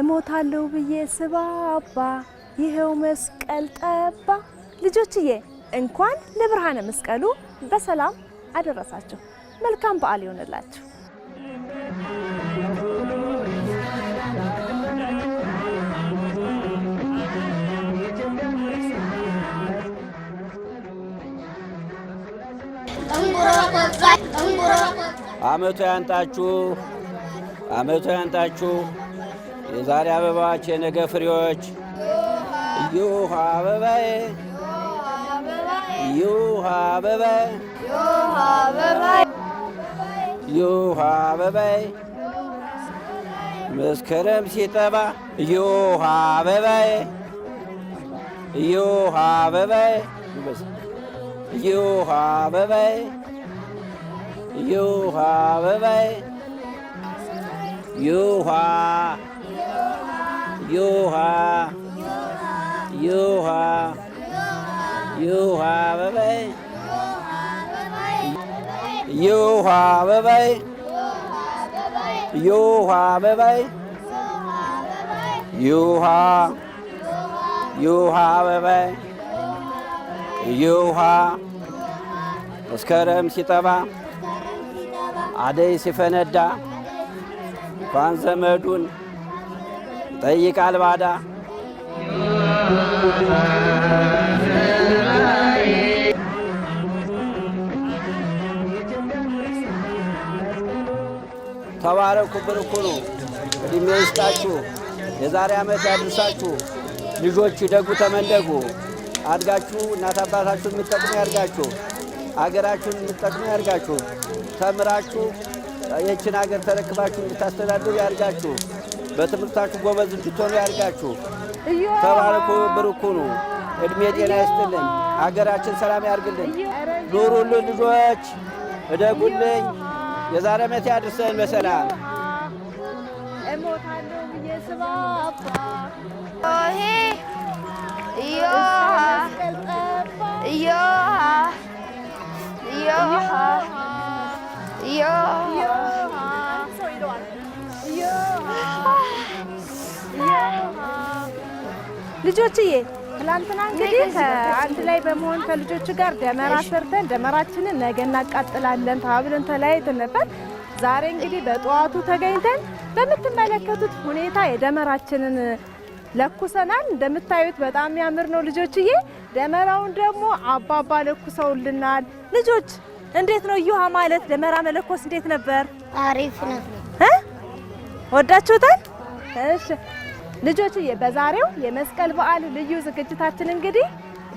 እሞታለሁ ብዬ ስባባ ይኸው መስቀል ጠባ። ልጆችዬ እንኳን ለብርሃነ መስቀሉ በሰላም አደረሳችሁ። መልካም በዓል ይሆንላችሁ። አመቱ ያንጣችሁ፣ አመቱ ያንጣችሁ። የዛሬ አበባዎች የነገ ፍሬዎች ዩሃ አበባዬ ዩሃ አበባዬ ዩሃ አበባዬ መስከረም ሲጠባ ዩሃ አበባዬ እዮሃ አበባዬ እዮሃ አበባዬ እዮሃ አበባዬ እዮሃ ዩሃ ዩሃ ዩሃ አበባይ ዩሃ አበባይ ዩሃ አበባይ ዩሃ ዩሃ አበባይ ዩሃ መስከረም ሲጠባ አደይ ሲፈነዳ ኳን ዘመዱን ጠይቃል ባዳ ተባረኩ ብርኩኑ እድሜ ይስጣችሁ የዛሬ ዓመት ያድርሳችሁ። ልጆች ደጉ ተመንደጉ አድጋችሁ እናት አባታችሁ የሚጠቅሙ ያድጋችሁ። አገራችሁን የሚጠቅሙ ያድጋችሁ። ተምራችሁ ይህችን አገር ተረክባችሁ እንድታስተዳድሩ ያድጋችሁ። በትምህርታችሁ ጎበዝ እንድትሆኑ ያድርጋችሁ። ተባረኩ። ብርኩ ነው። እድሜ ጤና ይስጥልኝ። አገራችን ሰላም ያርግልን። ኑሩልን ልጆች፣ እደጉልኝ። የዛሬ ዓመት ያድርሰን በሰላም ልጆችዬ ትላንትና እንግዲህ አንድ ላይ በመሆን ከልጆቹ ጋር ደመራ ሰርተን ደመራችንን ነገ እናቃጥላለን ተባብለን ተለያይተን ነበር። ዛሬ እንግዲህ በጠዋቱ ተገኝተን በምትመለከቱት ሁኔታ የደመራችንን ለኩሰናል። እንደምታዩት በጣም የሚያምር ነው ልጆችዬ። ደመራውን ደግሞ አባባ ለኩሰውልናል። ልጆች እንዴት ነው እዩሃ ማለት ደመራ መለኮስ እንዴት ነበር? አሪፍ ነው። ወዳችሁታል? እሺ ልጆችዬ በዛሬው የመስቀል በዓል ልዩ ዝግጅታችን እንግዲህ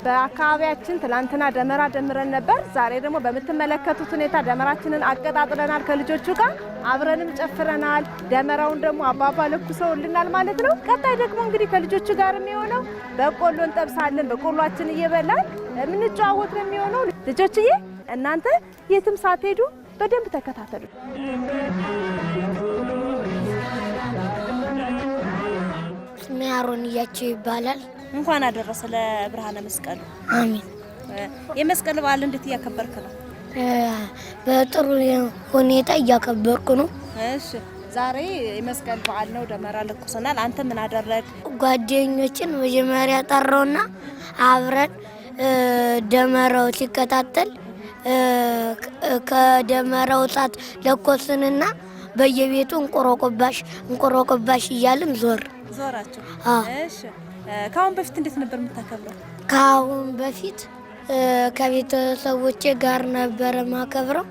በአካባቢያችን ትላንትና ደመራ ደምረን ነበር። ዛሬ ደግሞ በምትመለከቱት ሁኔታ ደመራችንን አቀጣጥለናል። ከልጆቹ ጋር አብረንም ጨፍረናል። ደመራውን ደግሞ አባባ ለኩሰውልናል ማለት ነው። ቀጣይ ደግሞ እንግዲህ ከልጆቹ ጋር የሚሆነው በቆሎ እንጠብሳለን። በቆሏችን እየበላን የምንጨዋወት ነው የሚሆነው። ልጆችዬ እናንተ የትም ሳትሄዱ በደንብ ተከታተሉ። ስሜ አሮንያቸው ይባላል። እንኳን አደረሰ ለብርሃነ መስቀሉ። አሚን። የመስቀል በዓል እንዴት እያከበርክ ነው? በጥሩ ሁኔታ እያከበርኩ ነው። እሺ ዛሬ የመስቀል በዓል ነው። ደመራ ለኩሰናል። አንተ ምን አደረግ? ጓደኞችን መጀመሪያ ጠራውና አብረን ደመራው ሲከታተል ከደመራው እሳት ለኮስንና በየቤቱ እንቆሮቆባሽ እንቆሮቆባሽ እያልን ዞር ዞራችሁ? እሺ። ከአሁን በፊት እንዴት ነበር የምታከብረው? ከአሁን በፊት ከቤተሰቦቼ ጋር ነበረ ማከብረው።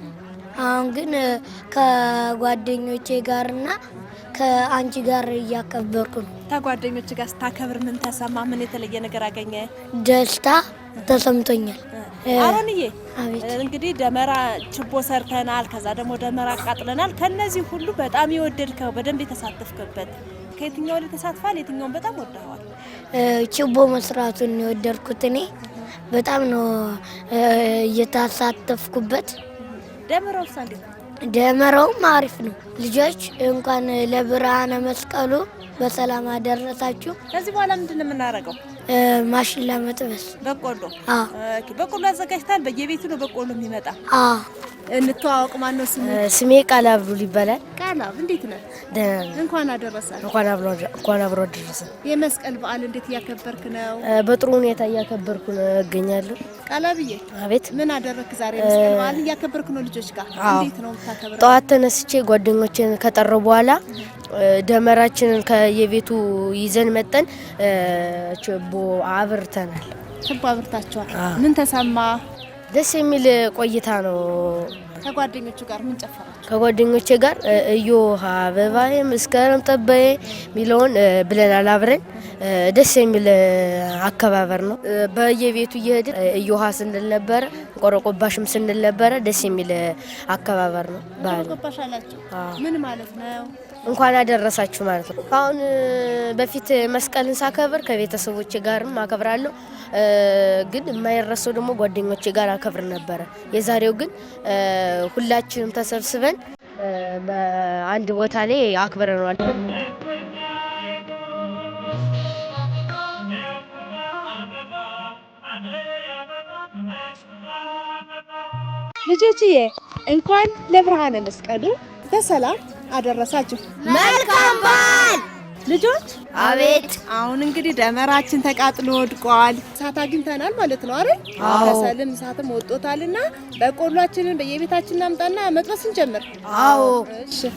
አሁን ግን ከጓደኞቼ ጋርና ከአንቺ ጋር እያከበርኩ ነው። ከጓደኞች ጋር ስታከብር ምን ተሰማ? ምን የተለየ ነገር አገኘ? ደስታ ተሰምቶኛል። አሮንዬ እንግዲህ ደመራ ችቦ ሰርተናል፣ ከዛ ደግሞ ደመራ አቃጥለናል። ከነዚህ ሁሉ በጣም የወደድከው በደንብ የተሳተፍክበት ከየትኛው ላይ ተሳትፋል? የትኛውን በጣም ወደዋል? ችቦ መስራቱን የወደድኩት እኔ በጣም ነው እየተሳተፍኩበት። ደመራው ሳንዴ ደመራውም አሪፍ ነው። ልጆች እንኳን ለብርሃነ መስቀሉ በሰላም አደረሳችሁ። ከዚህ በኋላ ምንድን ነው የምናደርገው? ማሽላ መጥበስ፣ በቆሎ በቆሎ አዘጋጅታል። በየቤቱ ነው በቆሎ የሚመጣ እንተዋወቅ። ማን ነው ስሙ? ስሜ ቃል አብዱል ይባላል። ቃል አብ፣ እንዴት ነህ? ደህና ነኝ። እንኳን አደረሰ። እንኳን አብሮ እንኳን አብሮ አደረሰ። የመስቀል በዓል እንዴት እያከበርክ ነው? በጥሩ ሁኔታ እያከበርኩ ነው እገኛለሁ። ቃል አብዬ። አቤት። ምን አደረክ ዛሬ? መስቀል በዓል እያከበርክ ነው ልጆች ጋር? እንዴት ነው የምታከብረው? ጠዋት ተነስቼ ጓደኞቼን ከጠረው በኋላ ደመራችንን ከየቤቱ ይዘን መጠን ችቦ አብርተናል። ችቦ አብርታችኋል። ምን ተሰማ? ደስ የሚል ቆይታ ነው። ከጓደኞቹ ጋር ምን ጨፈራችሁ? ከጓደኞቼ ጋር እዮሃ አበባዬ መስከረም ጠባዬ የሚለውን ብለናል አብረን። ደስ የሚል አከባበር ነው። በየቤቱ እየሄድን እዮሀ ስንል ነበረ፣ ቆረቆባሽም ስንል ነበረ። ደስ የሚል አከባበር ነው። ቆረቆባሽ ምን ማለት ነው? እንኳን አደረሳችሁ ማለት ነው። አሁን በፊት መስቀልን ሳከብር ከቤተሰቦቼ ጋርም አከብራለሁ፣ ግን የማይረሰው ደግሞ ጓደኞቼ ጋር አከብር ነበረ። የዛሬው ግን ሁላችንም ተሰብስበን በአንድ ቦታ ላይ አክብረነዋል። ልጆችዬ እንኳን ለብርሃነ መስቀሉ በሰላም አደረሳችሁ። መልካም በዓል ልጆች። አቤት። አሁን እንግዲህ ደመራችን ተቃጥሎ ወድቋል። እሳት አግኝተናል ማለት ነው አይደል? ከሰልም እሳትም ወጦታልና በቆሏችንን በየቤታችን እናምጣና መጥበስ እንጀምር። አዎ። እሺ።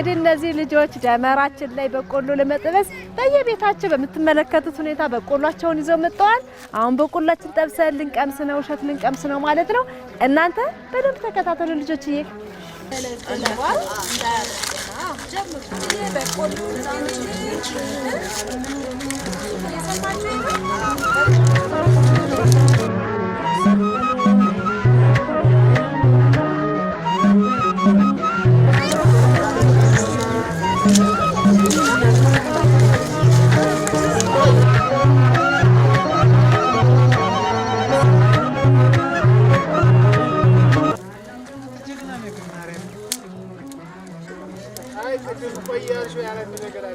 እንግዲህ እነዚህ ልጆች ደመራችን ላይ በቆሎ ለመጥበስ በየቤታቸው በምትመለከቱት ሁኔታ በቆሏቸውን ይዘው መጥተዋል። አሁን በቆሏችን ጠብሰን ልንቀምስ ነው፣ እሸት ልንቀምስ ነው ማለት ነው። እናንተ በደንብ ተከታተሉ ልጆች። እየ በቆሎ ያለ ላይ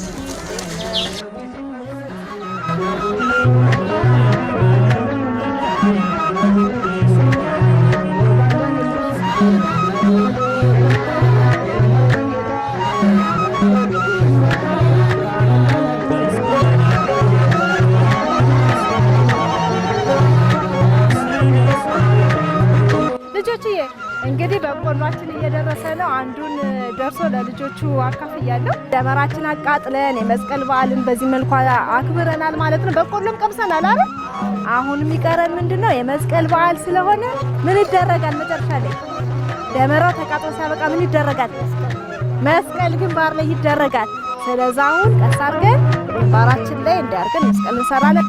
እንግዲህ በቆሏችን እየደረሰ ነው። አንዱን ደርሶ ለልጆቹ አካፍያለሁ። ደመራችን አቃጥለን የመስቀል በዓልን በዚህ መልኩ አክብረናል ማለት ነው። በቆሎም ቀምሰናል አለ። አሁን የሚቀረን ምንድን ነው? የመስቀል በዓል ስለሆነ ምን ይደረጋል? መጨረሻ ላይ ደመራው ተቃጥሎ ሲያበቃ ምን ይደረጋል? መስቀል ግንባር ላይ ይደረጋል። ስለዛ አሁን ቀስ አድርገን ግንባራችን ላይ እንዲያርገን መስቀል እንሰራለን።